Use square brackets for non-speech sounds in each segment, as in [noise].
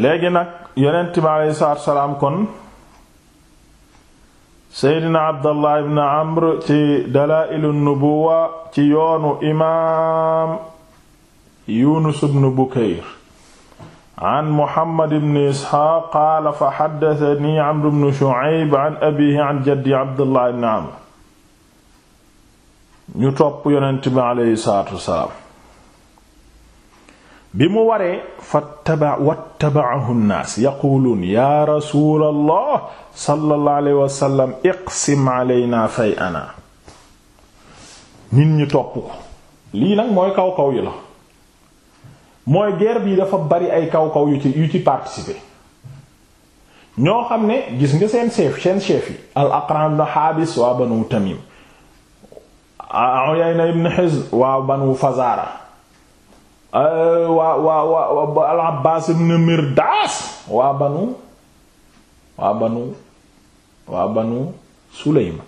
léegi nag yonent bi aleyhi salaatu salaam kon seydina abdallah ibn amr ci dalaa'ilu nubuwa ci yoonu imaam yunus ibn bukayr an muhammad ibn isxaaq qaala fa xaddatani amr ibn shu'ayb an abiihi an jaddi abdallah ibn amr ñu topp yonent bi aleyhi salaatu salaam bi mu waree fattaba wattabaahu nnaas yaquluun ya rasul allah sallallahu alayhi wa sallam iqsim alayna fay nit ñi topp ko lii nag mooy kaw-kaw yi la mooy guerre bi dafa bari ay kaw-kaw yu ci yu ci participer ñoo xam ne gis nga seen chef seen chef yi al aqran ibn haabis waa banu tamim uyayna ibn hizn waa banu fazara Euh, waa waa waa al Abbaas ibn Mirdaas waa banu waa banu waa banu Sulayma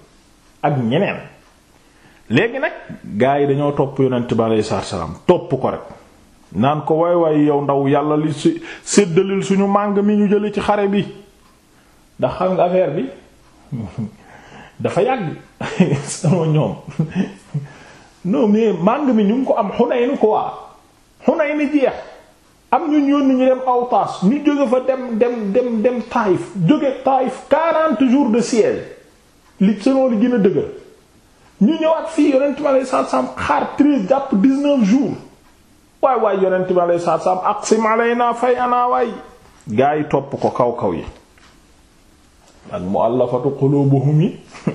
ak ñeneen léegi nag gaa yi dañoo topp yonent bi aleyhi salaam topp ko rek naan ko waay waay yow ndaw yàlla li si séddalil suñu màng mi ñu jële ci xare bi ndax xam nga affaire bi [laughs] dafa yàgg [laughs] sama ñoom [laughs] non mais màng mi ñu ngi ko am Hunayn quoi Hunayn ni jeex am ñu yónni ñu dem Awtaas ñu jóge fa dem dem dem dem Taïf jóge Taïf 40 jours de siège li selon li gën a dëgër ñu ñëwaat fii yonent bi alayhi salaatu salaam xaar 13 jàpp 19 jours waay waay yonent bi alayhi salaatu salaam aqsim alaynaa fay anaa waay gaa yi topp ko kaw kaw yi ak mu'allafatu qulubuhum yi [laughs]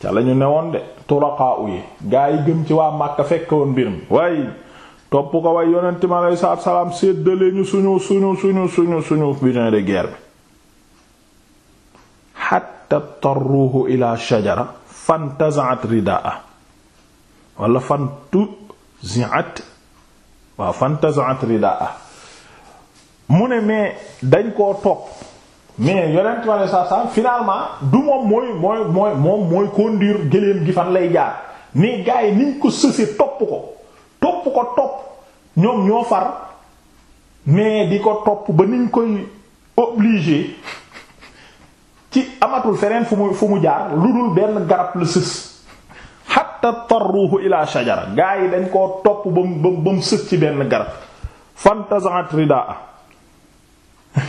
ca lañu newoon de turaqaa yi gaa yi gëm ci waa Makka fekk woon mbir mi waaye topp ko way yonent mi aleyhi salaam séddale ñu suñu suñu suñu suñu suñu butin de guerre bi xatta tarruhu ila shajara fantazaat ridaa wala fantu ziat waaw fantazaat ridaa mu ne mais dañ koo topp mais yonent mi aleyhi salaatu salaam finalement du moom mooy mooy moom mooy conduire gëléem gi fan lay jaar ni gaay niñ ko sëse topp ko ñoom ñoo far mais di ko topp ba niñ koy obligé ci amatul feneen fu mu fu mu jaar lu dul benn garab la sës hatta tarruhu ila shajara gaa yi dañ koo topp ba mu ba mu sës ci benn garab fantazat ridaa [laughs]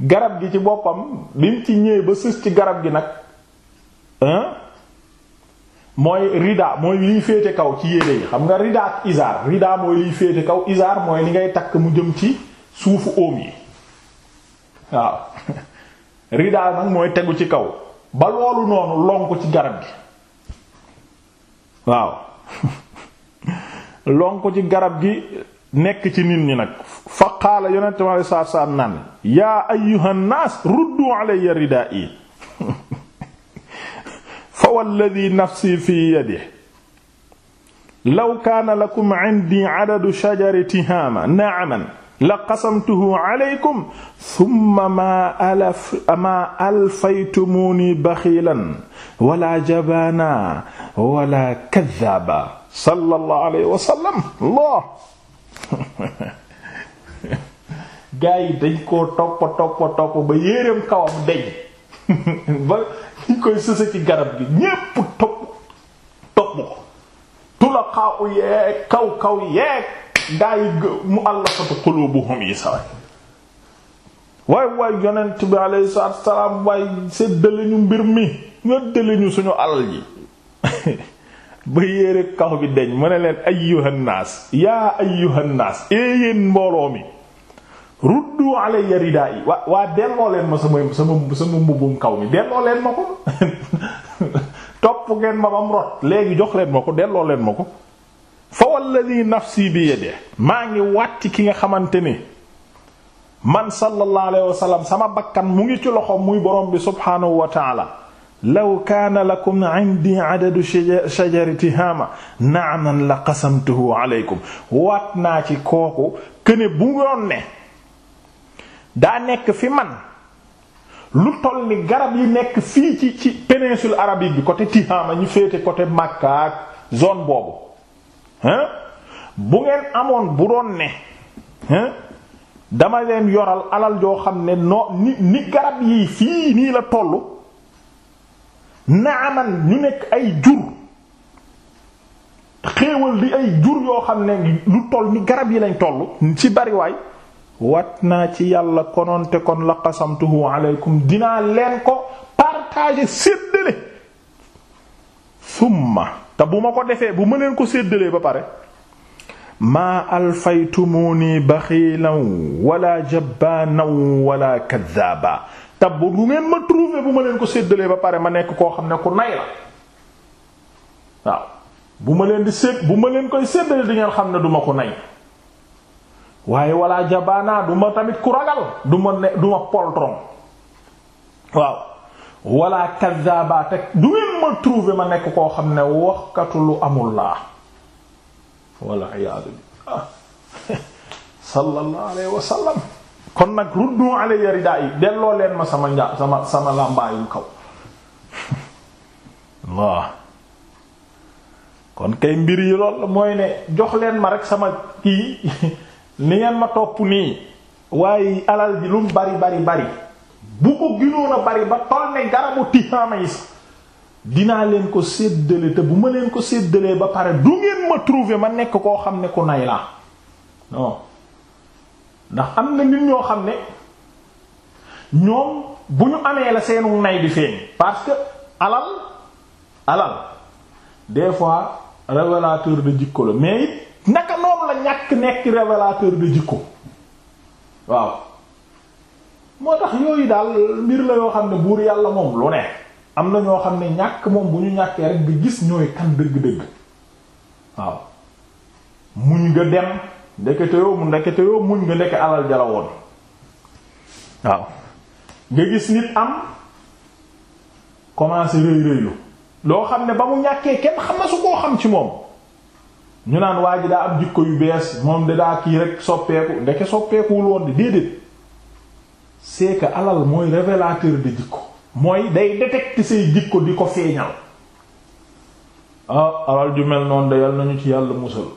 garab gi ci boppam bi mu ci ñëwee ba sës ci garab gi nag mooy rida mooy liy féete kaw ci yére yi xam nga rida ak isaar rida mooy liy féete kaw isaar mooy li ngay takk mu jëm ci suufu óom yi waaw [laughs] rida nag mooy tegu ci kaw ba loolu noonu lonku ci garab gi waaw [laughs] lonku ci garab gi nekk ci nit ñi nag fa qaala yonente mi alei saatu salaam naan yaa ayyuhan naas ruddu alayya ridaa'i fawalladi nafsi fi yadihi law kaana lakum indi adadu shajari tihaama na'aman la qasamtuhu alaykum thumma maa alaf maa alfaytumuuni baxiilan wala jabaana wala kaddaaba sallallahu alayhi wa sallam loo gaa yi dañ koo toppa toppa toppa ba yéereem kawam deñ [laughs] ba ñu koy sëse ci garab gi ñépp topp topp ko tula xaaw yeeg kaw kaw yeeg gaa yi mu allafatu qulubuhum yi saway waay waay yonent bi alayhi salaatu wassalaam waay séddale ñu mbir mi ñoddale ñu suñu alal yi [laughs] ba yére kaw bi deñ mu leen ay naas yaa ayyuhan naas ee mbooloo mi ruddu alayya ridaa yi waa delloo leen ma sama sama mbubbum kaw mi delloo leen ma ko [laughs] topp ngeen ma bam rot léegi jox leen ma ko delloo leen ma ko fa walladhi nafsi bi yadihi maa ngi wàcc ki nga xamante ni man sallallahu alayhi wa sama bakkan mu ngi ci loxo muy borom bi subhaanahu wa ta'ala law lakum la qasamtuhu alaykum waat naa ci kooku këne bu ngoon ne daa nekk fi man lu toll ni garab yi nekk fii ci ci péninsule arabique bi côté Tihama ñu féete côté Makka ak zone boobu hein bu ngeen amoon bu doon ne dama leen yoral alal joo xam ne noo ni ni garab yi fii nii la toll naaman ñu nekk ay jur xéewal di ay jur yoo xam ne lu toll ni garab yi lañ toll ci bariwaay wat naa ci yàlla kononte kon la qasamtuhu aleykum dinaa leen ko partager séddale summa te bu ma ko defee bu ma leen ko séddalee ba pare maa alfaytumuni baxiilan wala jabbaanan wala kaddaaba te bu ngeen ma trouver bu ma leen ko séddalee ba pare ma nekk koo xam ne ku nay la waaw bu ma leen di sédd bu ma leen koy séddalee di ngeen xam ne duma ko nay waaye walla jabaana du ma tamit ku ragal du ma ne poltron waaw walla kazaaba teg du ma trouver ma nekk koo xam ne waxkatu lu amul laa walla iyaadu billah [laughs] sallallahu alayhi wa kon nag ruddu alayya ridaa delloo leen ma sama njaa sama sama làmbaayu kaw [laughs] waaw kon kay mbir yi lool mooy ne jox leen ma rek sama kii [laughs] ni ngeen ma topp nii waaye alal ji lum bari bari bu ko ginoon a bari ba toll ne garabu tihaamays dinaa leen ko séddale te bu ma leen ko séddalee ba pare du ngeen ma trouver ma nekk koo xam ne ku nay la ndax am na nit ñoo xam ne ñoom bu ñu amee la seenu nay di feeñ parce que alal alal des fois révélateur de jikko la mais naka noonu la ñàkk nekk révélateur de jikko waaw moo tax yooyu daal mbir la yoo xam ne buur yàlla moom lu ne am na ñoo xam ne ñàkk moom bu ñu ñàkkee rek nga gis ñooy kan dëgg-dëgg waaw muñ nga dem ndekete yoo mu ndekete yoo muñ nga ndeke alal jala waaw nga gis nit am commencé rëy rëylu loo xam ne ba mu ñàkkee kenn xam na su koo xam ci moom ñu naan waa ji daa am jikko yu bees moom de daa kii rek soppeeku ndeke soppeekuwul woon di déedéet c'est alal mooy révélateur de jikko mooy day détecter say jikko di ko feeñal ah, alal ju mel noonu de yal nañu ci yàlla musal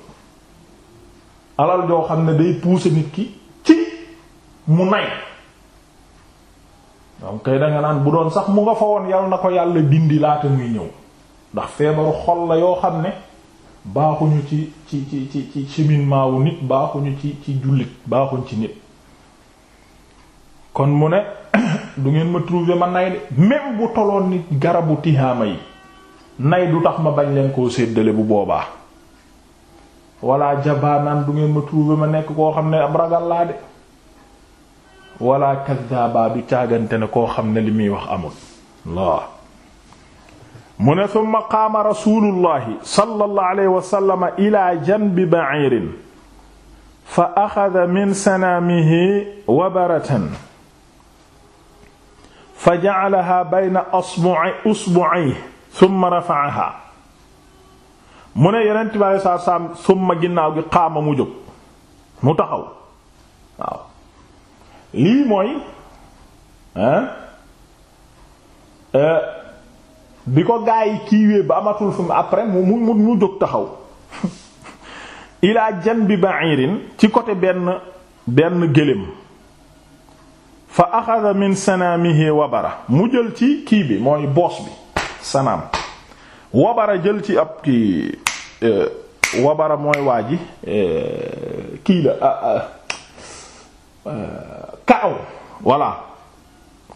alal joo xam ne day pousser nit ki ci mu nay donc kay danga naan bu doon sax mu nga fa woon yal na ko yàlla dindi laata muy ñëw ndax feebaru xol la yoo xam ne baaxuñu ci ci ci ci ci cheminement wu nit baaxuñu ci ci jullit baaxuñ ci nit kon mu ne [coughs] du ngeen ma trouver ma nay de même bu toloon nit garabu tihaama yi nay du tax ma bañ leen koo séddale bu boobaa walla jabaanaan du ngeen ma trouver ma nekk koo xam ne ab ragal laa de walla kazaaba du càggante na koo xam ne li muy wax amul mu ne summa qaama rasulullahi sallallahu alayhi wa sallam ila janbi ba'iirin fa axada min sanaamihi wabaratan fa ja'alahaa bayna usbu'ayhi summa rafa'ahaa mu ne yonent bi alayhi salaatu salaam summa ginnaaw gi qaama mu jóg mu taxaw waaw lii mooy ah eh, bi ko gaa yi kiiwee ba amatul fu mu après mu mu mu jóg taxaw [laughs] ilaa janbi ba'irin ci côté benn benn gëléem fa axada min sanaamihi wabara mu jël ci kii bi mooy boos bi sanaam wabara jël ci ab kii euh, wabara mooy waa ji euh, kii la euh, karaw voilà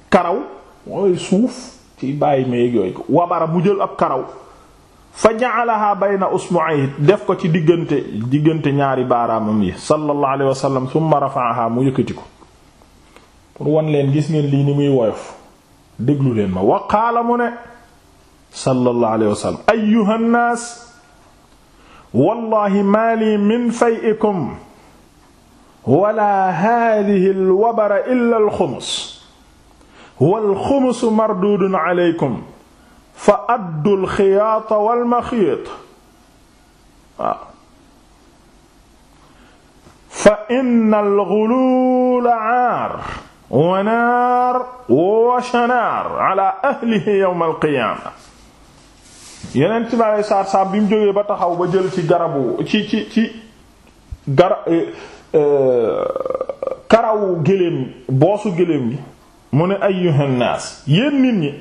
karaw mooy suuf kiy bàyyi ma yeeg yooyu wabara mu jël ab karaw fa ja'alaha bayna usbu'ayhi def ko ci diggante diggante ñaari baaraamam yi sallallahu alayhi wa sallam summa rafa'aha mu yëkkati ko pour wan leen gis ngeen lii ni muy woyof déglu leen ma wa qaala mu ne sallallahu alayhi wa sallam ayyuha wallahi maa lii min fay'ikum wala haadhihi al-wabara illa wal xumusu mardudun aleykum fa addul xiyaata wal maxiit waaw fa innal xuluula aar wa naar wa shanaar ala ahlihi yawmal qiyaama yeneen ci ma lay saar saar bi mu jógee ba taxaw ba jël ci garabu ci ci ci gara eh, eh, karawu géléem boosu géléem gi mu ne ayyuhan naas yéen nit ñi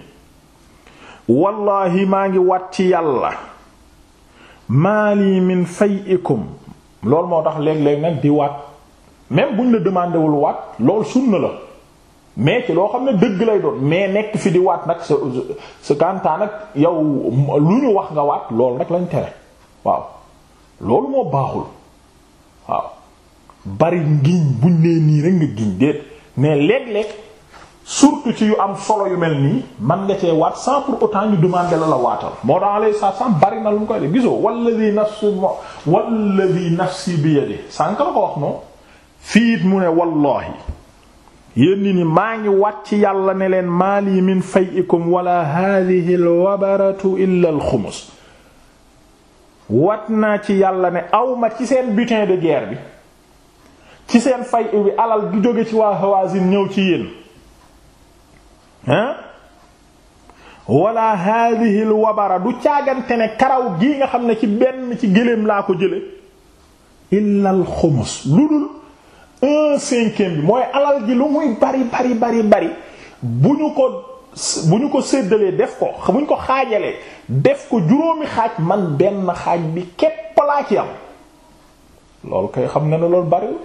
wallaahi maa ngi waat ci yàlla maali min fayikum loolu moo tax léeg-léeg nag di waat même buñ la demandé wul waat lool sunna la mais ci loo xam ne dëgg lay doon mais nekk fi di waat nag sa sa kantaa yow lu ñu wax nga waat lool nag lañ tere waaw loolu moo baaxul waaw bari ngiñ buñ nee nii rek nga giñ déet mais léeg-léeg surtout ci yu am solo yu mel nii man nga cee waat sans pour autant ñu demander la la waatal moo tax alayhi salaam bari na lu mu koy def gisoo walladhi nafsi walladhi nafsi bi yadi sànq la ko wax noonu fii mu ne wallahi yéen ni maa ngi wat ci yàlla ne leen maali min fayikum wala hadhihi alwabaratu illa alxumus wat naa ci yàlla ne awma ci seen butin de guerre bi ci seen fay bi alal du jóge ci waa Hawazin ñëw ci yéen ah wala haadihi wabara du caagante ne karaw gii nga xam ne ci benn ci gëléem laa ko jële illa al xumus lu dul un cinquième bi mooy alal ji lu muy bari bari bari bu ñu ko bu ñu ko seddalee def ko bu ko xaajalee def ko juróomi xaaj man benn xaaj bi képp laa ci am loolu kay xam nga ne loolu bariwul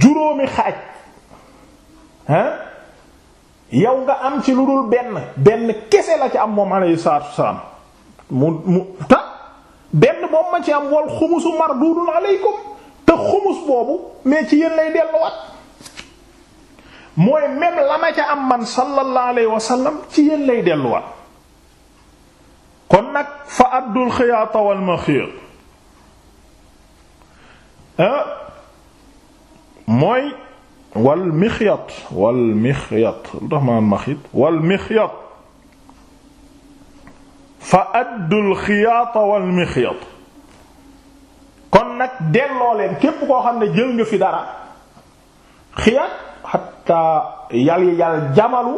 juróomi xaaj ah yow nga am ci lu dul benn benn kese la ci am moom alayhi salaatu wasalaam mu mu ta benn moom ma ci am wal xumusu mardudun alaykum te xumus boobu mais ci yéen lay delluwaat mooy même la ma ca am man salaalay alayhi wa sallam ci yéen lay delluwaat kon nag fa addul xiyaata wal maxiir eh? mooy wal mixyat wal mixyat lu tax ma naan maxit wal mixyat fa addul xiyaata wal mixyat kon nag delloo leen képp koo xam ne jël nga fi dara xiyaat xatta yal yal jamalu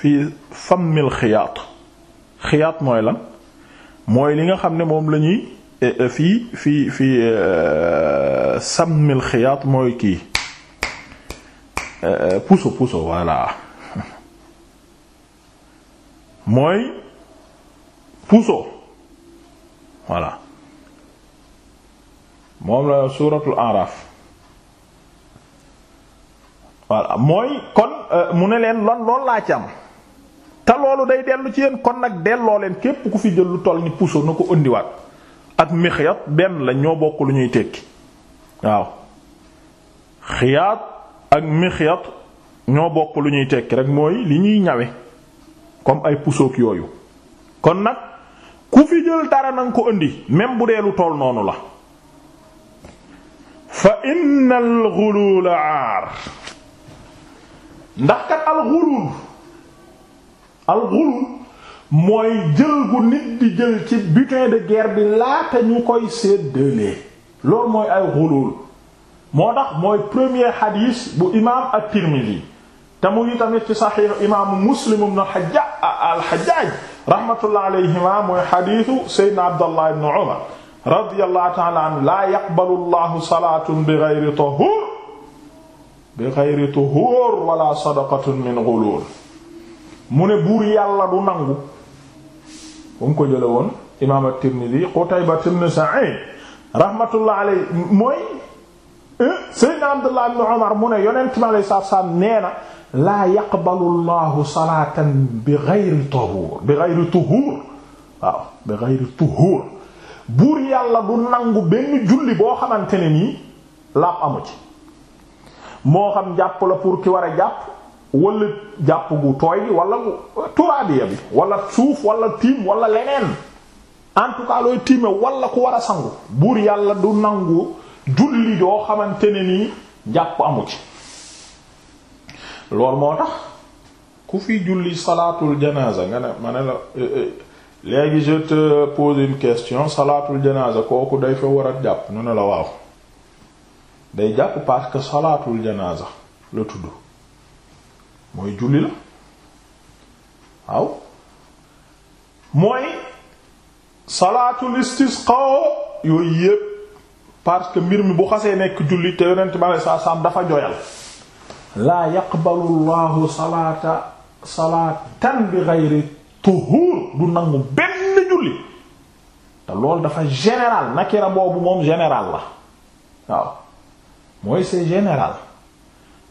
fi fammil xiyaat xiyaat mooy lan mooy li nga xam ne moom la ñuy eh, eh, fii fii fii eh, sammil xiyaat mooy kii Euh, puso puso voilà mooy puso voilà moom la suuratul araf voilà mooy kon euh, mu ne leen lon loolu laa ci am te loolu day dellu ci yéen kon nag delloo leen képp ku fi jël lu toll ni puso na ko indiwaat ak mixiyat benn la ñoo bokk lu ñuy tekki waaw xiyaat ak mixyat ñoo bokk luñuy ñuy tekki rek mooy li ñuy ñawe comme ay pusoog yooyu kon nag ku fi jël dara nanga ko indi même bu dee lu tool noonu la fa inna alxuluul aar mooy jël gu nit di jël ci butin de guerre bi laata ñu koy séddalee loolu mooy ay xuluul moo tax mooy premier xadiis bu imaam at-Tirmidhi te mu ngi tamit ci saxiix imaamu Muslim ibn Hajjaj al-Hajjaj rahmatullah alayhima mooy xadiisu Seydina Abdallah ibn Umar radiyallahu ta'ala anhu laa yaqbalu Allahu salaatan bighayri tahuur bighayri tahuur wala sadaqatan min ghuluul mu ne buur yàlla du nangu bu mu ko jëlee woon imaam at-Tirmidhi Qutayba ibn Sa'id rahmatullah alayhi mooy Seydina Abdullah ibn Umar mu ne yonent mi alayhi salaatu salaam nee na laa yaqbalu llahu salaatan bi ghayri tuhur bi ghayri tuhur waaw bi ghayri tuhur buur yàlla du nangu benn julli boo xamante ne nii laab amu ci moo xam jàpp la pour ki war a jàpp wala jàpp gu tooy bi wala turaabiya bi wala suuf wala tiim wala leneen en tiime wala ku war a sangu buur yàlla du nangu julli doo xamante ni jàpp amu ci moo tax ku fi julli salaatul janaza nga ne ma ne la eh, eh, léegi je te pose une question salaatul janaza kooku day fa war a jàpp ñu ne la waaw day jàpp parce que salaatul janaza la tudd mooy julli la waaw mooy salaatul istisqa yooyu yépp parce que mbir mi bu xasee nekk julli te yonent bi aleyhi salaatu dafa joyal laa yaqbalu llahu salaata salaatan bi ghayri tuhur du nangu benn julli te loolu dafa général nakira boobu moom général la waaw mooy c'est général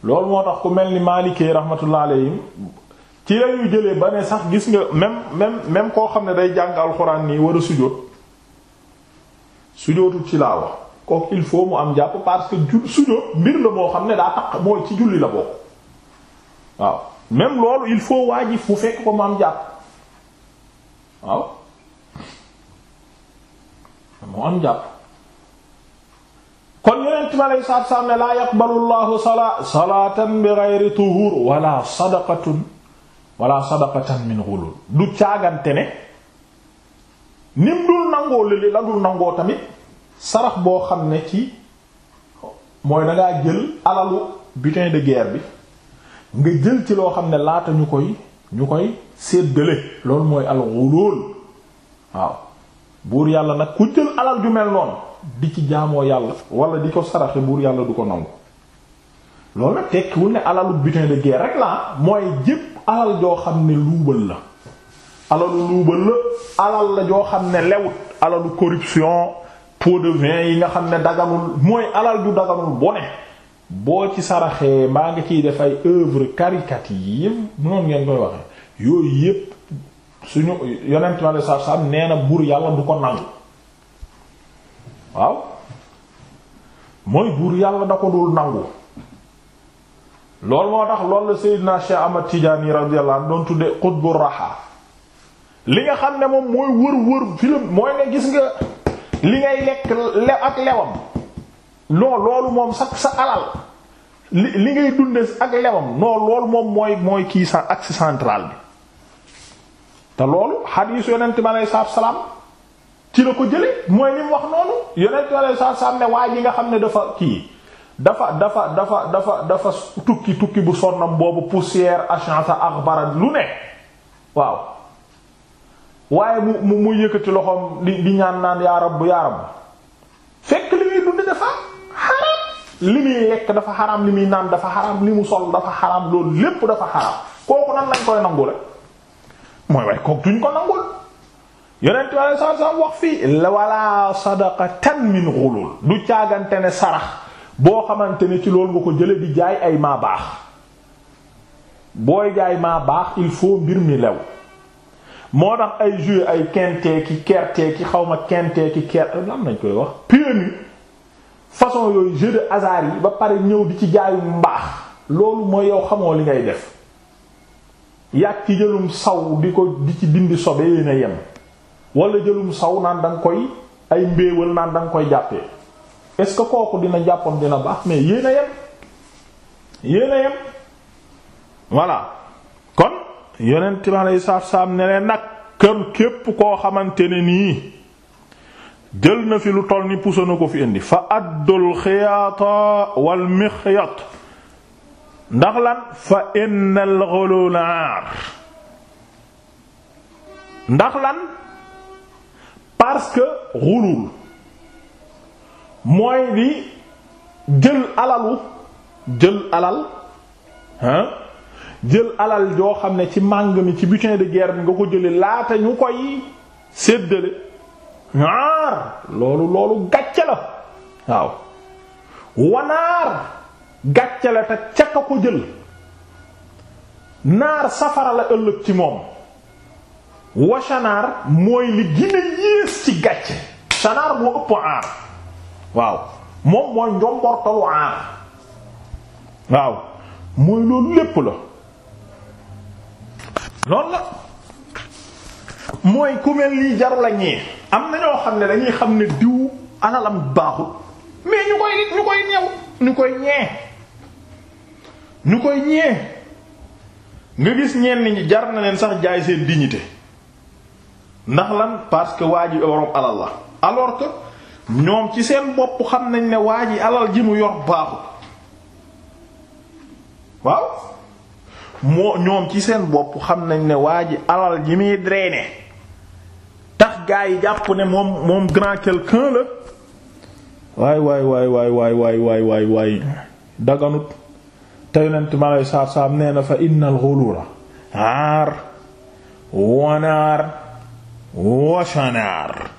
loolu moo tax ku mel ni maalikee rahmatullah alayhim ci lañuy jëlee ba ne sax gis nga même même même koo xam ne day jàng alxuraan nii war a sujóot sujootul ci laa wax kook il faut mu am jàpp parce que ju sujóot mbir la moo xam ne daa taq mooy ci julli la bokk waaw même loolu il faut waa fu fekk ko mu am jàpp waaw mu am jàpp kon yonent bi aleyi salaatu salaam ne laa yaqbalu llahu sala salaatan bi geyri tuhur wala sadaqatun wala sadaqatan min ghulul du caagante ne nim dul nangoo lëli la dul nangoo tamit sarax boo xam ne ci mooy dangaa jël alalu butin de guerre bi nga jël ci loo xam ne laata ñu koy ñu koy séddale loolu mooy wu alxulool waaw buur yàlla nag ku jël alal ju mel noon di ci jaamoo yàlla wala di ko saraxe buur yàlla du ko nangu loolu nag tekkiwul ne alalu butin de guerre rek la mooy jépp alal joo xam ne luubal la alalu luubal la alal la joo xam ne lewut alalu corruption pot de vin yi nga xam ne daganul mooy alal du daganul bone boo ci saraxee maa ngi ciy def ay œuvre caritative noonu ngeen koy waxee yooyu yépp suñu yonent ma de sarsam nee na buur yàlla du ko nangu waaw mooy buur yàlla da ko dul nangu loolu moo tax lool la Seydina Cheikh Ahmad Tidiane radiyallahu anhu doon tudde xutbu raxa li nga xam ne moom mooy wër wër film mooy ne gis nga li ngay lekk lew ak lewam non loolu moom sax sa alal li li ngay dunde ak lewam non loolu moom mooy mooy kii sa axe central bi te loolu xadiis yonent bi sa salaatu salaam ci la ko jële mooy li mu wax noonu yonent bi aleyhi salaatu salaam ne waa ji nga xam ne dafa kii dafa dafa dafa dafa dafa tukki tukki bu sonnam boobu poussière achansa axbara lu ne waaw waaye mu mu yëkkati loxoom di di ñaan naan yaa rabbu yaa rabbu fekk li muy dund dafa xaram li muy lekk dafa xaram li muy naan dafa xaram li mu sol dafa xaram loolu lépp dafa xaram kooku nan lañ koy nangule mooy waaye kooku duñ ko nangul yonent wala sa sa wax fii wala sadaqatan min ghulul du caagante ne sarax boo xamante ne ci loolu nga ko jële di jaay ay maa baax booy jaay maa baax il faut mbir mi lew moo dax ay joué ay kentee ki kertee ki xaw ma kentee ki ker lan nañ koy wax PMU façon yooyu jeu de hasard yi ba pare ñëw di ci jaayu mbaax loolu mooy yow xamoo li ngay def yàgg ci jëlum saw di ko di ci dindi sobe yéen a yem wala jëlum saw naan da nga koy ay mbéewal naan da nga koy jàppee est que kooku dina jàppam dina baax mais yéen yem yéen yem voilà yonent bi aleyhi salaatu salaam ne leen nag kër képp koo xamante ne nii jël na fi lu toll ni puso na ko fi indi fa addul xiyaata wal mixyat ndax lan fa innal ghulul ndax lan parce que mooy di jël alalu jël alal hein jël alal joo xam ne ci màng mi ci butin de guerre nga ko jële laata ñu koy séddale ñaar loolu loolu gàcce la waaw wanaar gàcce la te ca ka ko jël naar safara la ëllëg ci moom washanaar mooy li gën a yées ci gàcce shanaar moo ëpp aar waaw moom mooy njombortalu aar waaw mooy loolu lépp la loolu la mooy ku mel nii jarul a ñee am na ñoo xam ne dañuy xam ne diw alalam baaxul mais ñu koy ñu koy ñu koy ñee ñu koy ñee nga gis ñenn ñi jar na leen sax jaay seen dignité ndax lan parce que waa ji borom alal la alors que ñoom ci seen bopp xam nañ ne waa ji alal ji mu yor baaxul waaw moo ñoom ci seen bopp xam nañ ne waa ji alal ji muy drainer tax gaa yi jàpp ne moom moom grand quelqu'un la waay waay waay waay waay waay waay waay waay daganut te yonent ma lay saar saam nee na fa innal ghulula aar wanaar washanaar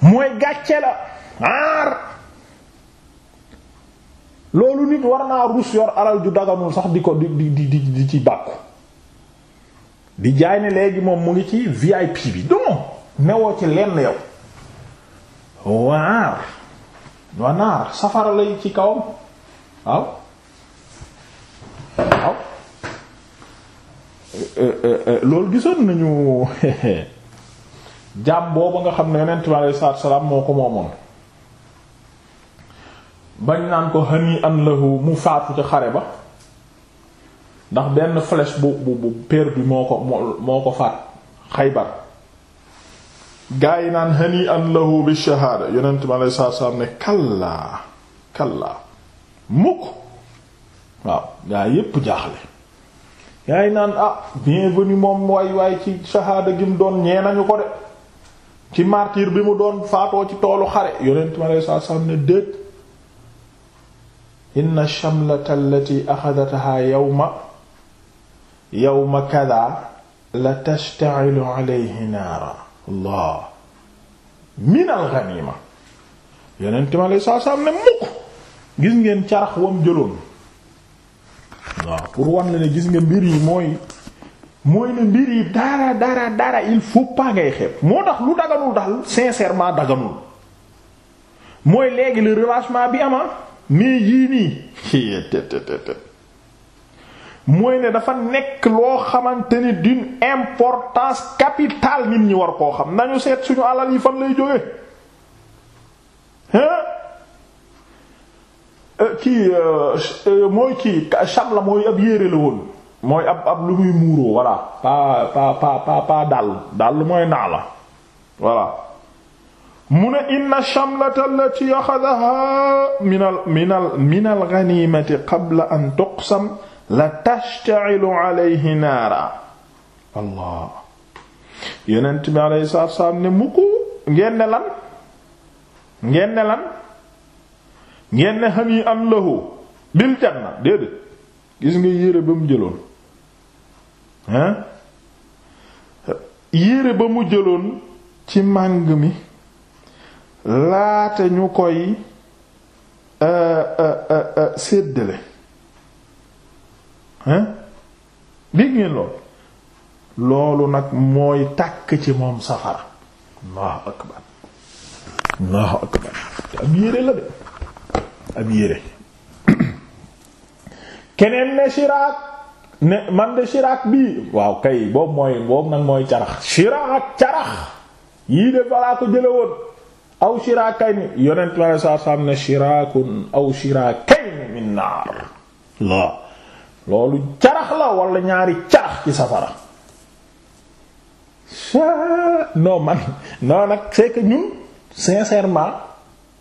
mooy gàcce la loolu nit war naa rus yor alal ju daganul sax di ko di di di di ci bàkku di jaay ne léegi moom mu ngi ci VIP bi donc newoo ci lenn yow waar wanaar safara lay ci kawam waaw waaw eh, eh, eh, loolu gisoon nañu [laughs] jaam booba nga xam ne yonent bi aleyhi salaatu wa salaam moo ko moomoon bañ naan ko hani an lahu mu faatu ca xare ba ndax benn flèche bu bu bu perdu moo ko moo ko faat Xaybar gaa yi naan hani an lahu bi shahaada yonent mi aleyhi salaatu salaam mukk waaw gaa yépp jaaxle gaa naan ah bienvenu moom waay waay ci shahaada gi mu doon ñee nañu ko de ci martyr bi mu doon faatoo ci toolu xare yonent mi aleyhi salaatu ne déet inna shamlata allati axadataha yawma yawma kada la tashta'ilu alayhi naara allah min al ghanima yeneen time ne mukk gis ngeen carax wam jëloon pour wan la ne gis nga mbir yi mooy mooy ne mbir yi dara dara dara il faut pas ngay xeeb moo tax lu daganul daal sincèrement daganul mooy léegi le relâchement bi ama ah. mais yii nii mooy ne dafa nekk loo xamante ni d'une importance capitale nit ñi war koo xam nañu seet suñu alal yi fan lay jóge hein euh, kii euh, euh, mooy kii cham la mooy ab yére la woon mooy ab ab lu muy muuroo voilà pa pa pa pa pa dàll dàll mooy naa la voilà mu ne inna shamlata allati axadaha minal minal minal ganimati qabla an tuqsam la tashta'ilu alayhi naara allah yonent bi alayhi salaatu salaam ne mukk ngeen ne lan ngeen ne lan ngeen ne hani an déedéet gis nga yére ba mu jëloon hein yére ba mu jëloon ci màng mi laate ñu koy euh, euh, euh, séddale hein dégg ngeen lool loolu nag mooy tàkk ci moom safara allahu akbar allahu akbar ab yére la de ab yére [coughs] keneen ne shiraak ne man de shiraak bii waaw kay boobu mooy boobu nag mooy carax shiraak carax yii de balaa ko jële aw shiraakayni yonent bi alei satu salaam ne shiraakun aw shiraakayni min naar loolu carax la wala ñaari carax ci safara non man non nag c'est ñun sincèrement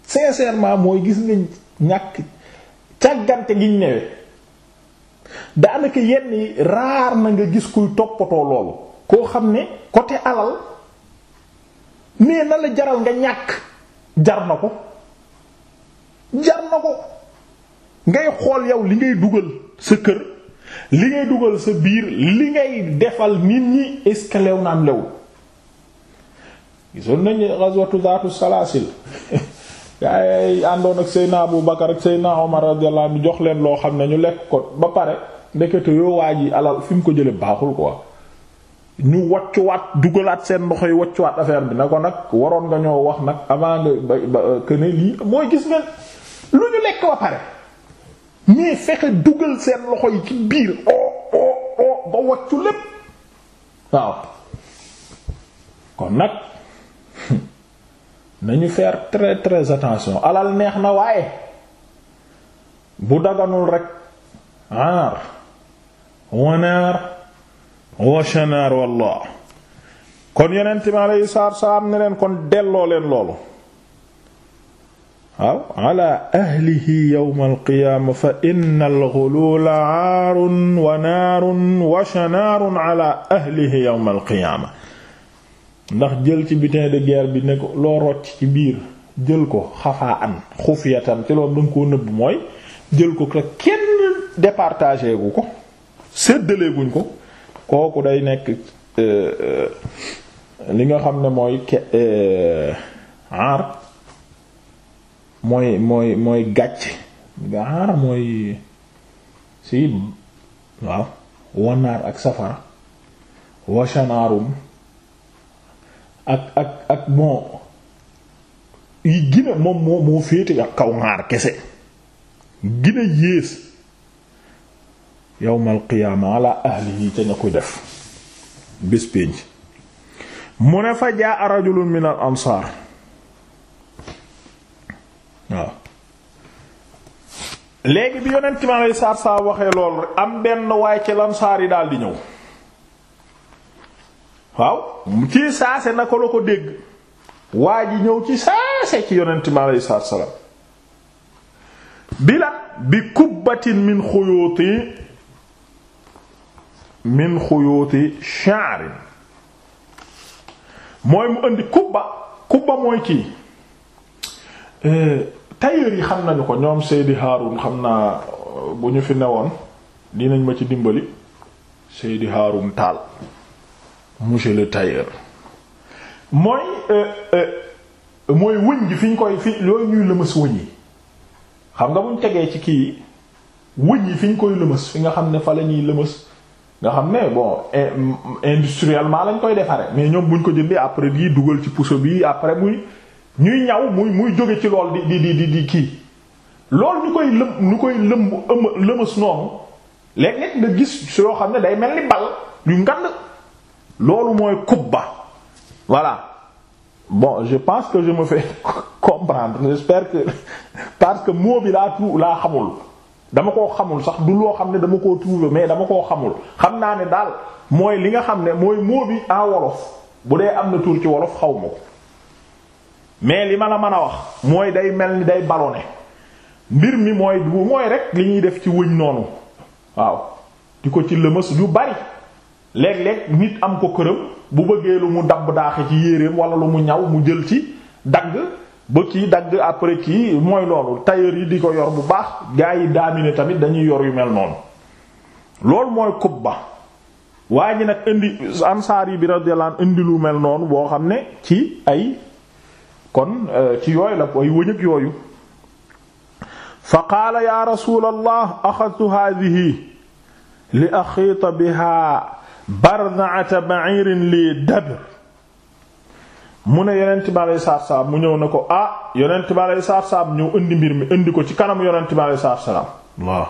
sincèrement mooy gis nga ñàkk càggante giñ newe daanaka yenn yi raar na nga gis kuy toppatoo loolu koo xam ne côté alal nee na la jaral nga ñàkk jar na ko jar na ko ngay xool yow li ngay dugal sa kër li ngay dugal sa biir li ngay defal nit ñi est-ce que lew naam lew gisoon nañu ghazwatu zaatu salaasil [laughs] gaay àndoon ak Seydina Abu Bakar ak Seydina Omar radiyallahu mu jox leen loo xam ne ñu lekk ko ba pare ndekete yoo waa ji alal fi mu ko jële baaxul quoi ñu waccuwaat dugalaat seen loxo yi waccuwaat affaire bi na ko nag waroon nga ñoo wax nag avant nga euh, que lii mooy gis nga lu ñu lekk ba pare mais fexe dugal seen loxo yi ci biir o oh, o oh, o oh, ba waccu lépp waaw kon nag [laughs] nañu faire très très attention alal neex na waaye bu daganul rek aar wanaar wa shanaar wallah kon yonent mi alayhi ne leen kon delloo leen loolu waaw ala ahlihi yawmal qiyaama fa innal ghuluula aarun wa naarun wa shanaarun ala ahlihi yawmal qiyaama ndax jël ci butin de guerre bi ne ko loo rocc ci biir jël ko xafaa an xufiyatan ci loolu danga koo nëbb mooy jël ko kenn départagé gu ko séddaleeguñ ko kooku day nekk euh, euh, li nga xam ne mooy ke euh, aar mooy mooy mooy gàcce nga aar mooy si waaw wanaar ak safara wasanaarum ak ak ak bon yi moom moo féete ak kaw kese gina yées yowmal qiyaama ala ahlihi ca ña koy def bés mu ne fa jaa rajulun min al ansaar waaw léegi bi yonent mi aleyhi salaatu salaam waxee lool am benn waay ci lansaar yi daal di ñëw waaw ci saase na ko la ko dégg waa ji ñëw ci saase ci yonent mi aleyhi salaatu salaam bi bi kubbatin min xuyuuti min xuyoti sha'rin mooy mu indi kubba kubba mooy kii euh, tailleur yi xam nañu ko ñoom Seydi Haarun xam naa euh, bu ñu fi newoon dinañ ma ci dimbali Seydi Haarun Taal monsieur le tailleur mooy euh, mooy wëñ ji fi ñu koy fi looy ñuy lëmas wëñ yi xam nga buñ tegee ci kii wëñ yi fi ñu koy lëmas fi nga xam ne fa ñuy lëmas nga xam ne bon industriellement lañ koy defaree mais ñoom ñu ko jëndee après di dugal ci puso bi après muy ñuy ñaw muy muy jóge ci lool di di di di kii loolu ñu koy lëm ñu koy lëm lëmës noonu léeg-léeg nga gis su yoo xam ne day mel ni bal yu ngand loolu mooy ba voilà bon je pense que je me fais [laughs] comprendre j'espère que [laughs] parce que moo bi laa tu laa xamul dama koo xamul sax du loo xam ne dama koo trouver mais dama koo xamul xam naa ne daal mooy li nga xam ne mooy moo bi en wolof bu dee am na tur ci wolof xaw ma ko mais li ma la mën a wax mooy day mel ni day ballonné mbir mi mooy bu mooy rek li ñuy def ci wëñ noonu waaw di ko ci lëmas yu bari léeg-léeg nit am ko këram bu bëggee lu mu dabb daaxe ci yéreem wala lu mu ñaw mu jël ci dagg ba kii dagg après kii mooy loolu tailleur yi di ko yor bu baax gaa yi daamine tamit dañuy yor yu mel noonu loolu mooy kubba waa ji nag indi ansaar yi bi radiyallahu anhu indi lu mel noonu boo xam ne ci ay kon euh, ci yooyu la ay wëñëg yooyu fa qaala ya rasulallah axadtu hadihi li axiita biha bardaata ba'irin li dabr mu ne yeneen bi alayhi salaatu salaam mu ñëw na ko ah yonent bi alayhi salaatu salaam ñëw indi mbir mi indi ko ci kanam yonent bi alayhi salaatu salaam waaw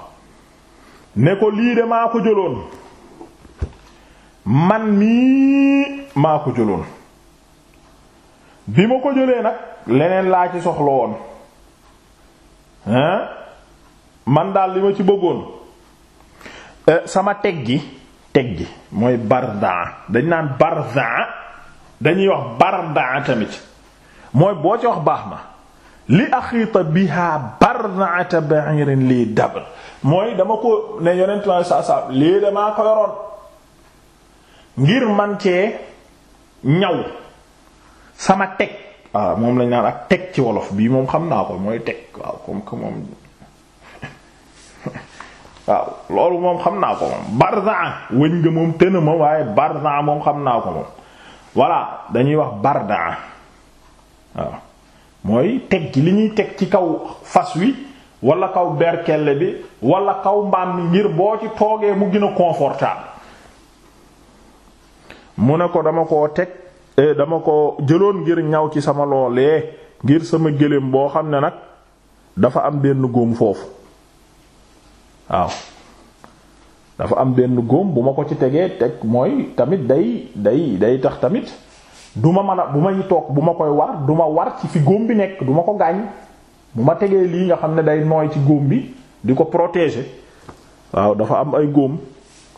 ne ko lii de maa ko jëloon man mii maa ko jëloon bi ma ko jëlee nag leneen laa ci soxla woon hein man daal li ma ci bëggoon eh, sama teg gi teg gi mooy bardan dañ naan bardan dañuy wax bardaa tamit mooy boo ci wax baax na li axiita biha bardaata ba'irin lii dabr mooy dama ko ne yonent ma sa sa lii damaa ko yoroon ngir man cee ñaw sama teg waaw moom lañ naan ak teg ci wolof bii moom xam naa ko mooy teg waaw moom [laughs] waaw loolu moom xam naa ko moom bardaa wëñ nga moom tën ma waaye bardaa moom xam naa ko moom voilà dañuy wax bardaa waaw mooy teg gi li ñuy teg ci kaw fas wi walla kaw berkelle bi walla kaw mbaam mi ngir boo ci toogee mu gën a confortable mu ne ko dama koo teg eh, dama ko jëloon ngir ñaw ci sama loolee ngir sama gëléem boo xam ne nag dafa am benn góom foofu waaw dafa am benn góom bu ma ko ci tegee teg mooy tamit day day day tax tamit duma man a bu may toog bu ma koy war du ma war ci fi góom bi nekk du ma ko gaañ bu ma tegee lii nga xam ne day nooy ci góom bi di ko protéger waaw dafa am ay góom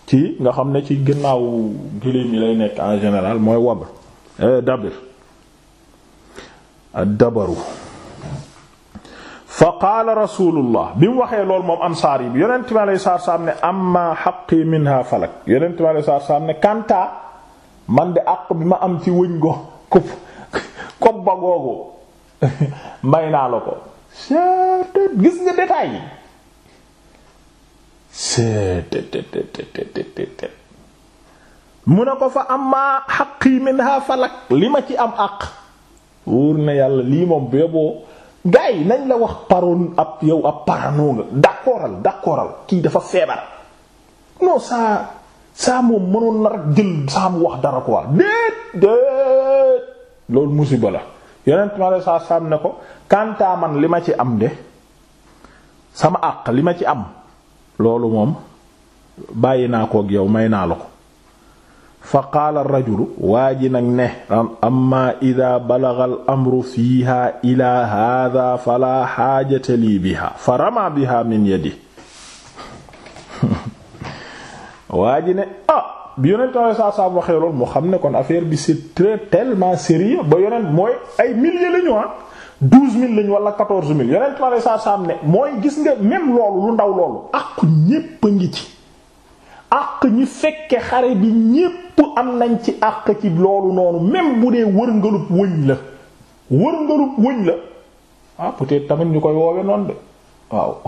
ci nga xam ne ci ginnaaw gëléem yi lay nekk en général mooy wab eh, dabir dabaru fa qaala rasulullah bi mu waxee loolu moom ansaar yi bi yonent mi alayhi sa salaam ne amma haqqi minha falak yonent mi alayhi salaatu man de bi ma am ci wëñ go ko kob [laughs] naa la ko gis nga ko fa amma falak li ma ci am àq wóor na yàlla lii moom béboo gars yi nañ la wax paroon ab yow ab parano nga d'accordal d'accordal kii dafa feebar non saa saa moom mënoon na rek jël saa mu wax dara quoi déet déet loolu musiba la yeneen ma saa saam ne ko kantaa man li ma ci am de sama àq li ma ci am loolu moom bàyyi naa kook yow may naa la ko fa qaala rajulu waa ji nag ne amma ida balagha al amru fiiha ila hada fala xaajata lii biha fa rama biha min yadi [laughs] waa ji ne ah bi yonent alayhi salaam waxee lool mu xam ne kon affaire bi c'est très tellement sérieux ba yonent mooy ay milliers la ah douze mille lañu wala ne mooy gis nga même loolu lu ndaw loolu ak ñépp ngi ci àq ñi fekke xare bi ñépp am nañ ci àq ci loolu noonu même bu dee wërngalub wëñ la wërngalub wëñ la ah peut-être tamit ñu koy woowe noonu de [laughs] waaw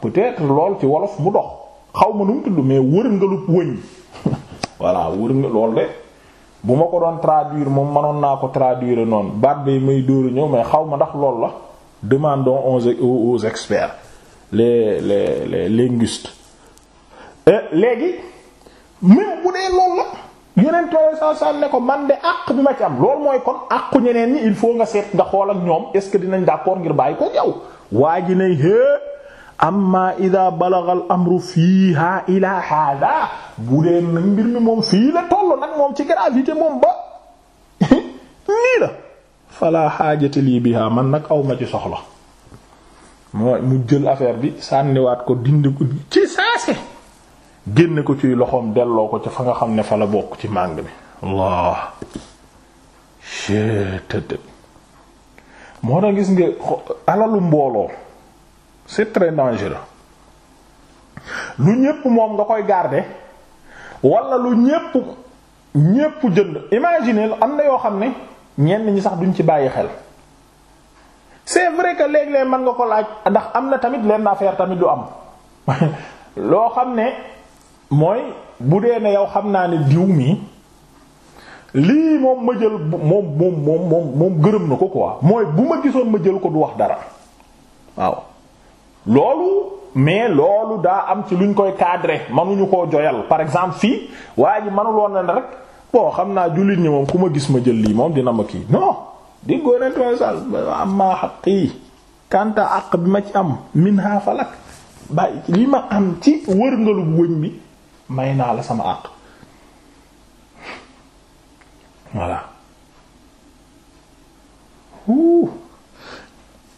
peut-être lool ci wolof mu dox xaw ma nu mu tudd mais wërngalub wëñ [laughs] voilà wërngal lool de bu ma ko doon traduire moom manoon naa ko traduire noonu baat bay may dóoru ñëw may xaw ma ndax lool la demandons aux aux experts les les les linguistes Eh, léegi même bu dee loolu la yeneen tool saa saa ne ko man de àq bi ma ci am loolu mooy kon àqu ñeneen ñi il faut nga seet nga xool ak ñoom est-ce que dinañ d'accord ngir bàyyi ko yow waa ji ne hee ida balagha al amru fiiha ila hada bu dee nag mbir mi moom fii la toll nag moom ci gravité moom ba [laughs] nii la fala xaajata lii biha man nag aw ma ci soxla mooy mu jël affaire bi sànniwaat ko dindi ko ci saase génne ko ciy loxoom delloo ko ci fa nga xam ne fa la bokk ci màng bi Allah moo tax gis nga alalu mbooloo c'est très dangereux lu ñépp moom nga koy garder wala lu ñépp ñépp jënd imaginer am na yoo xam ne ñenn ñi sax duñ ci bàyyi xel c'est vrai que léeg-léeg mën nga ko laaj ndax am na tamit lenn affaire tamit du am [laughs] loo xam ne mooy bu dee ne yow xam naa ne diw mi lii moom ma jël moom moom moom gërëm na ko quoi mooy bu ma gisoon ma jël ko du wax dara waaw loolu mais loolu daa am ci luñ koy cadrer mënuñu ko joyal par exemple fii waa ji mënuloon na ne rek bon xam naa jullit ñi moom ku ma gis ma jël lii moom dina ma kii non di góonentuway sal am maa xaq kanta àq bi ma ci am min ha falak bàyyi li ma am ci wërngalu wëñ bi may naa la sama àq voilà wuu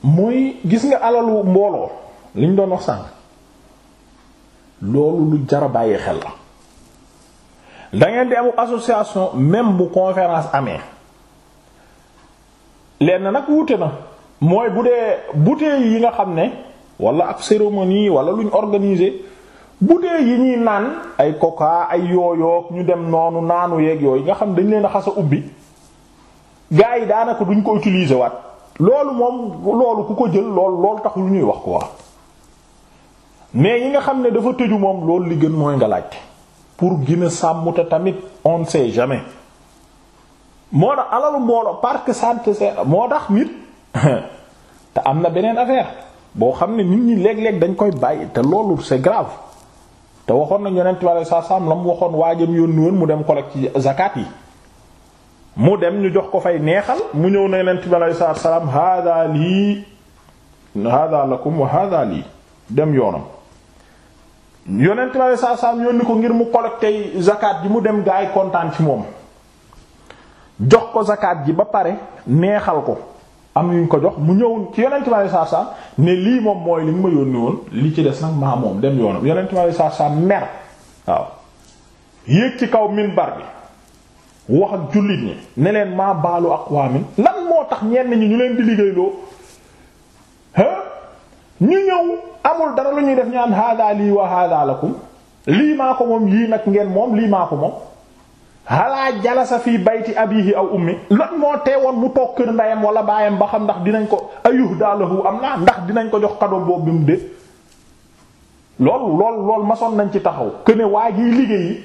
mooy gis nga alalu mbooloo liñ doon wax sànq loolu lu jara bàyyi xel la da ngeen di amu association même bu conférence amee lenn nag wute na mooy bu dee bouteilles yi nga xam ne wala ak cérémonie wala luñ organisé bu dee yi ñuy naan ay coca ay yooyoog ñu dem noonu naanu yeeg yooyu nga xam dañ leen a xas a ubbi gars yi daanaka duñ ko utiliser waat loolu moom loolu ku ko jël lool loolu taxul ñuy wax ko wax mais yi nga xam ne dafa tëju moom loolu li gën mooy nga laajte pour gën sàmm te tamit on ne sait jamais moo tax alalu mbooloo parce que santé moo tax nit [laughs] te am na beneen affaire boo xam ne nit ñi léeg-léeg dañ koy bàyyi te loolu c'est grave. te waxoon nañ yonent bi sa saam la mu waxoon waajam yónni woon mu dem collecte ci zakat yi mu dem ñu jox ko fay neexal mu ñëw na yonent bi sa saam hada lii hada lakum wa hada lii dem yoonam yonent bi saa saam yónni ko ngir mu collecte zakat ji mu dem gaay kontaan ci moom jox ko zakat ji ba pare neexal ko am yuñ ko jox mu ñëw ci yonent bi alayhi salaatu ne lii moom mooy li mu ma yónni woon li ci des nag maa moom dem yoonam yonent bi alayhi salaatu salaam mer waaw yéeg ci kaw minbar bi wax ak jullit ñi ne leen maa baalu aqwaamin lan moo tax ñenn ñi ñu leen di liggéeyloo ñu ñëw amul dara lu ñuy def ñu am haadaa lii wa lii maa ko moom yii nag ngeen moom lii maa ko moom halaa jalasa fii bayti abiihi aw ummi lan moo woon mu toog kër ndeyam wala baayam ba xam ndax dinañ ko ayuh daalahu am naa ndax dinañ ko jox kado boobu bi mu de loolu lool lool masoon nañ ci taxaw que ne waa jiy liggéey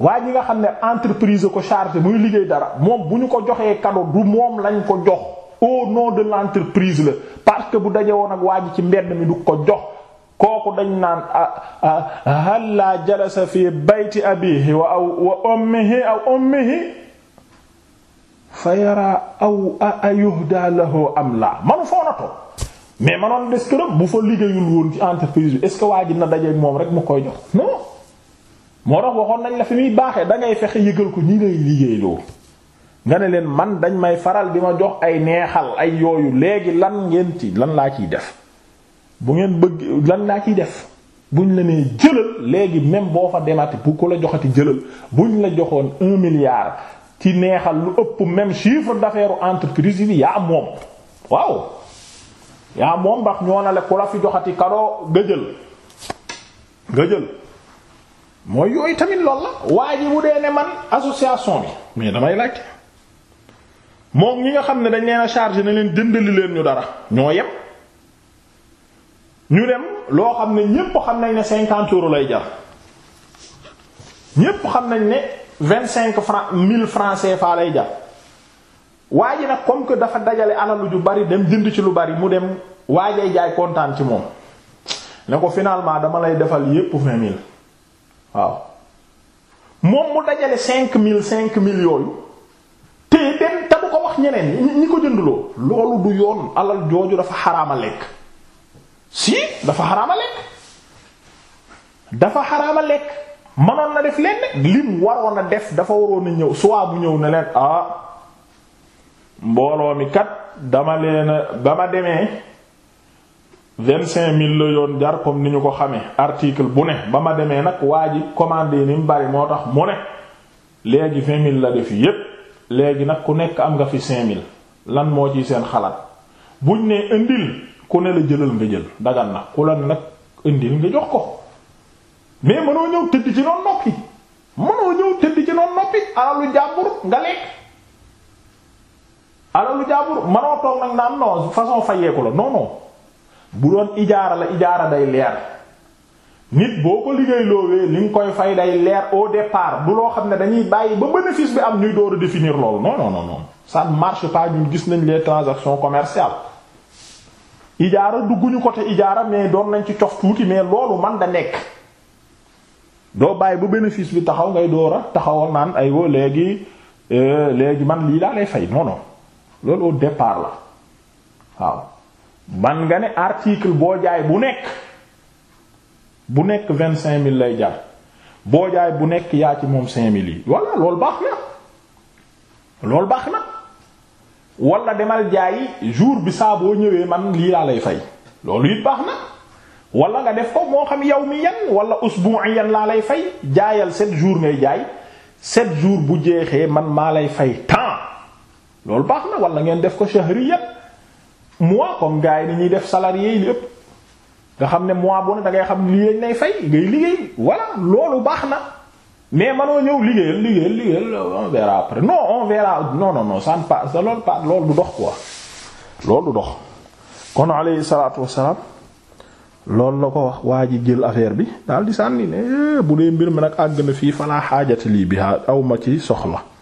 waa ji nga xam ne entreprise ko chargé muy liggéey dara moom bu ñu ko joxee kado du moom lañ ko jox au nom de l'entreprise la parce que bu dajee woon ak waa ji ci mbedd mi du ko jox kooku dañ naan hal laa jalasa fi bayti abihi wa aw wa ummihi aw ummihi fa yara aw a yuhda lahu am laa manu foo na toog mais manoon des këram bu fa liggéeyul woon ci entreprise bi est ce que waa ji na dajeeg moom rek mu koy jox non moo tax waxoon nañ la fi muy baaxee dangay fexe yëgal ko ñi lay liggéey loolu nga ne leen man dañ may faral di ma jox ay neexal ay yooyu léegi lan ngeen ci lan laa ciy def bu ngeen bëgg lan laa ciy def buñ la nee jëlal léegi même boo fa demati bu ko la joxati jëlal buñ la joxoon un milliard ci neexal lu ëpp même chiffre d'affaires entreprise yi yaa moom waaw yaa moom ndax ñoo na la ku la fi joxati kadoo nga jël nga jël mooy yooyu tamit lool la waa dee ne man association mais damay laajte moom ñi nga xam ne dañ leen a chargé na leen jëndali leen ñu dara ñoo yem ñu dem loo xam ne ñépp xam nañ ne cinquante euros lay jar ñépp xam nañ ne vingt cinq francs mille francs CFA lay jar waa ji nag comme que dafa dajale alalu ju bari dem jënd ci lu bari mu dem waajay jaay kontaan ci moom ne ko finalement dama lay defal yépp vingt mille waaw moom mu dajale cinq mille cinq mille yooyu te te bu ko wax ñeneen ñi ko jënduloo loolu du yoon alal jooju dafa xaraama lekk si dafa xaraama lekk dafa xaraama lekk manoon na def lenn lim waroon a def dafa waroon a ñëw soit bu ñëw ne leen ah mbooloo mi kat dama leena ba ma demee vingt-cinq mille la yoon jar comme ni ñu ko xamee article bu ne ba ma demee nag waa ji commande yi ni mu bari moo tax mu ne léegi vingt mille la def yépp léegi nag ku nekk am nga fi cinq mille lan moo ci seen xalaat buñ ne indil ku ne la jëlal nga jël dagal na ku la nag indil nga jox ko mais mënoo ñëw tëdd ci noonu noppi mënoo ñëw tëdd ci noonu noppi alalu jàmbur nga lekk alalu jàmbur mënoo toog nag na non façon fayeeku la non bu doon ijaara la ijaara day leer nit boo ko liggéey loowee li nga koy fay day leer de départ du loo xam ne dañuy bàyyi ba bénéfice bi am ñuy door a définir loolu non non non non ça ne gis nañ les transactions commercial ijaara dugguñu côté ijaara mais doon nañ ci cof tuuti mais loolu man da nekk doo bàyyi bu bénéfice bi taxaw ngay door a taxawal naan ay wo léegi euh, léegi man lii daa lay fay non loolu au départ la waaw man nga ne article boo jaay bu nekk bu nekk vingt cinq mille lay jar boo jaay bu nekk yaa ci moom cinq mille yi voilà loolu baax na loolu baax na wala demal jaay jour bi saaboo ñëwee man lii laa lay fay loolu it baax na wala nga def ko moo xam yawmiyan wala yan laa lay fay jaayal sept jours ngay jaay sept jours bu jeexee man maa lay fay temps loolu baax na wala ngeen def ko shahriyan mois comme gars yi ni ñuy def salarié yi lépp nga xam ne mois bu ne da ngay xam lii lañ lay fay ngay liggéey voilà loolu baax na. mais manoo ñëw liggéeyal liggéeyal liggéeyal on verra après non on verra non non non ça ne passe loolu pas loolu du dox quoi loolu du dox kon alayhi salaatu wassalaam loolu la ko wax waa ji jël affaire bi daal di sànni ne eh, bu dee mbir mi nag àgg na fii falaa xaajata lii bi awma ci soxla